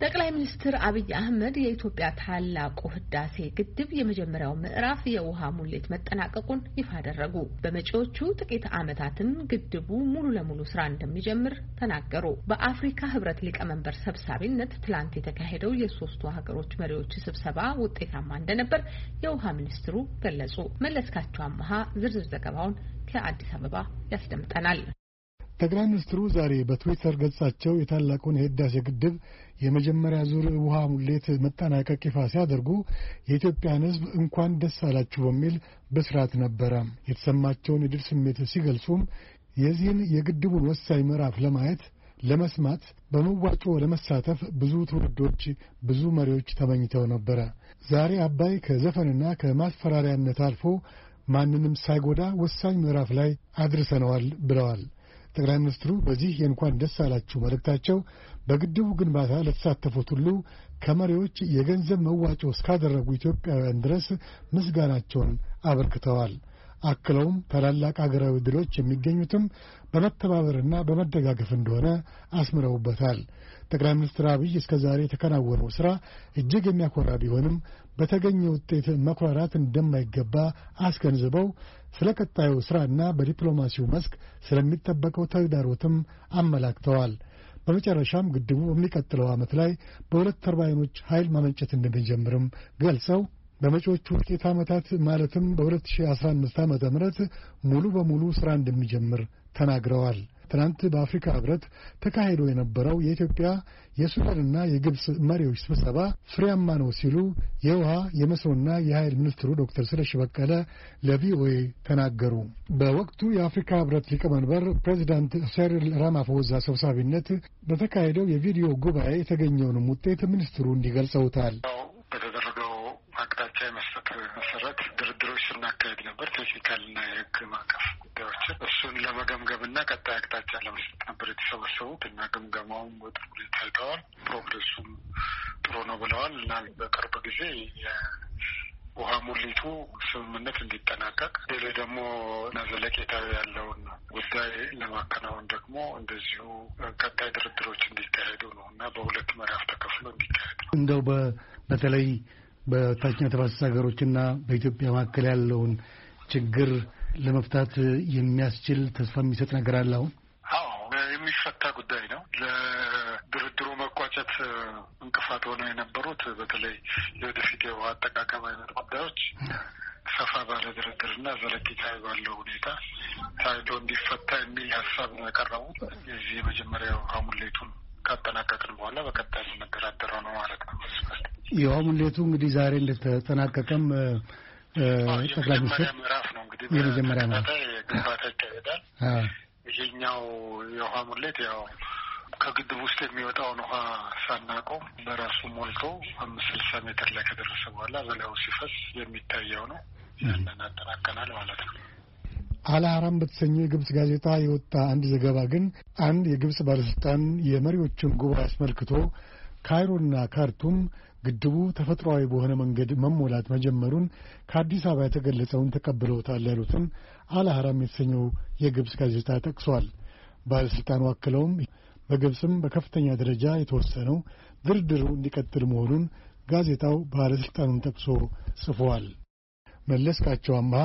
ጠቅላይ ሚኒስትር አብይ አህመድ የኢትዮጵያ ታላቁ ህዳሴ ግድብ የመጀመሪያው ምዕራፍ የውሃ ሙሌት መጠናቀቁን ይፋ አደረጉ። በመጪዎቹ ጥቂት ዓመታትም ግድቡ ሙሉ ለሙሉ ስራ እንደሚጀምር ተናገሩ። በአፍሪካ ህብረት ሊቀመንበር ሰብሳቢነት ትላንት የተካሄደው የሶስቱ ሀገሮች መሪዎች ስብሰባ ውጤታማ እንደነበር የውሃ ሚኒስትሩ ገለጹ። መለስካቸው አመሃ ዝርዝር ዘገባውን ከአዲስ አበባ ያስደምጠናል። ጠቅላይ ሚኒስትሩ ዛሬ በትዊተር ገጻቸው የታላቁን የህዳሴ ግድብ የመጀመሪያ ዙር ውሃ ሙሌት መጠናቀቅ ይፋ ሲያደርጉ የኢትዮጵያን ሕዝብ እንኳን ደስ አላችሁ በሚል በስርዓት ነበረ። የተሰማቸውን የድል ስሜት ሲገልጹም የዚህን የግድቡን ወሳኝ ምዕራፍ ለማየት ለመስማት በመዋጮ ለመሳተፍ ብዙ ትውልዶች ብዙ መሪዎች ተመኝተው ነበረ። ዛሬ አባይ ከዘፈንና ከማስፈራሪያነት አልፎ ማንንም ሳይጎዳ ወሳኝ ምዕራፍ ላይ አድርሰነዋል ብለዋል። ጠቅላይ ሚኒስትሩ በዚህ የእንኳን ደስ አላችሁ መልእክታቸው በግድቡ ግንባታ ለተሳተፉት ሁሉ ከመሪዎች የገንዘብ መዋጮ እስካደረጉ ኢትዮጵያውያን ድረስ ምስጋናቸውን አበርክተዋል። አክለውም ታላላቅ አገራዊ ድሎች የሚገኙትም በመተባበርና በመደጋገፍ እንደሆነ አስምረውበታል። ጠቅላይ ሚኒስትር አብይ እስከ ዛሬ የተከናወነው ስራ እጅግ የሚያኮራ ቢሆንም በተገኘ ውጤት መኩራራት እንደማይገባ አስገንዝበው ስለ ቀጣዩ ስራና በዲፕሎማሲው መስክ ስለሚጠበቀው ተግዳሮትም አመላክተዋል። በመጨረሻም ግድቡ በሚቀጥለው ዓመት ላይ በሁለት ተርባይኖች ኃይል ማመንጨት እንደሚጀምርም ገልጸው በመጪዎቹ ጥቂት ዓመታት ማለትም በ2015 ዓ ም ሙሉ በሙሉ ሥራ እንደሚጀምር ተናግረዋል። ትናንት በአፍሪካ ህብረት ተካሂዶ የነበረው የኢትዮጵያ የሱዳንና የግብፅ መሪዎች ስብሰባ ፍሬያማ ነው ሲሉ የውሃ የመስኖና የኃይል ሚኒስትሩ ዶክተር ስለሺ በቀለ ለቪኦኤ ተናገሩ። በወቅቱ የአፍሪካ ህብረት ሊቀመንበር ፕሬዚዳንት ሴሪል ራማፎዛ ሰብሳቢነት በተካሄደው የቪዲዮ ጉባኤ የተገኘውንም ውጤት ሚኒስትሩ እንዲገልጸውታል። መግለጫ የመስጠት መሰረት ድርድሮች ስናካሄድ ነበር። ቴክኒካልና የህግ ማዕቀፍ ጉዳዮችን እሱን ለመገምገምና ቀጣይ አቅጣጫ ለመስጠት ነበር የተሰበሰቡት እና ግምገማውም ወጥ ሁኔታ አይተዋል። ፕሮግሬሱም ጥሩ ነው ብለዋል እና በቅርብ ጊዜ ውሃ ሙሊቱ ስምምነት እንዲጠናቀቅ ሌሎች ደግሞ ዘለቄታ ያለውን ጉዳይ ለማከናወን ደግሞ እንደዚሁ ቀጣይ ድርድሮች እንዲካሄዱ ነው እና በሁለት ምዕራፍ ተከፍሎ እንዲካሄድ ነው። እንደው በተለይ በታችኛው ተፋሰስ ሀገሮችና በኢትዮጵያ መካከል ያለውን ችግር ለመፍታት የሚያስችል ተስፋ የሚሰጥ ነገር አለ አሁን? አዎ የሚፈታ ጉዳይ ነው። ለድርድሩ መቋጨት እንቅፋት ሆነው የነበሩት በተለይ የወደፊት የውሃ አጠቃቀም አይነት ጉዳዮች ሰፋ ባለ ድርድርና ዘለቂታዊ ባለው ሁኔታ ታይቶ እንዲፈታ የሚል ሀሳብ ነው ያቀረቡት። የዚህ የመጀመሪያው ሙሌቱን ካጠናቀቅን በኋላ በቀጣይ የምንደራደረው ነው ማለት ነው። ይኸው ምሌቱ እንግዲህ ዛሬ እንደተጠናቀቀም ጠቅላይ ሚኒስትር ምዕራፍ ነው እንግዲህ የመጀመሪያ ምዕራፍ ግንባታ ይካሄዳል። ይሄኛው የውሃ ሙሌት ያው ከግድብ ውስጥ የሚወጣውን ውሃ ሳናቆም በራሱ ሞልቶ አምስት ስልሳ ሜትር ላይ ከደረሰ በኋላ በላዩ ሲፈስ የሚታየው ነው። ያንን አጠናቀናል ማለት ነው። አልአራም በተሰኘ የግብፅ ጋዜጣ የወጣ አንድ ዘገባ ግን አንድ የግብፅ ባለሥልጣን የመሪዎችን ጉባኤ አስመልክቶ ካይሮና ካርቱም ግድቡ ተፈጥሯዊ በሆነ መንገድ መሞላት መጀመሩን ከአዲስ አበባ የተገለጸውን ተቀብለውታል ያሉትን አልአራም የተሰኘው የግብፅ ጋዜጣ ጠቅሷል። ባለሥልጣኑ አክለውም በግብፅም በከፍተኛ ደረጃ የተወሰነው ድርድሩ እንዲቀጥል መሆኑን ጋዜጣው ባለሥልጣኑን ጠቅሶ ጽፏል። መለስካቸው አምሃ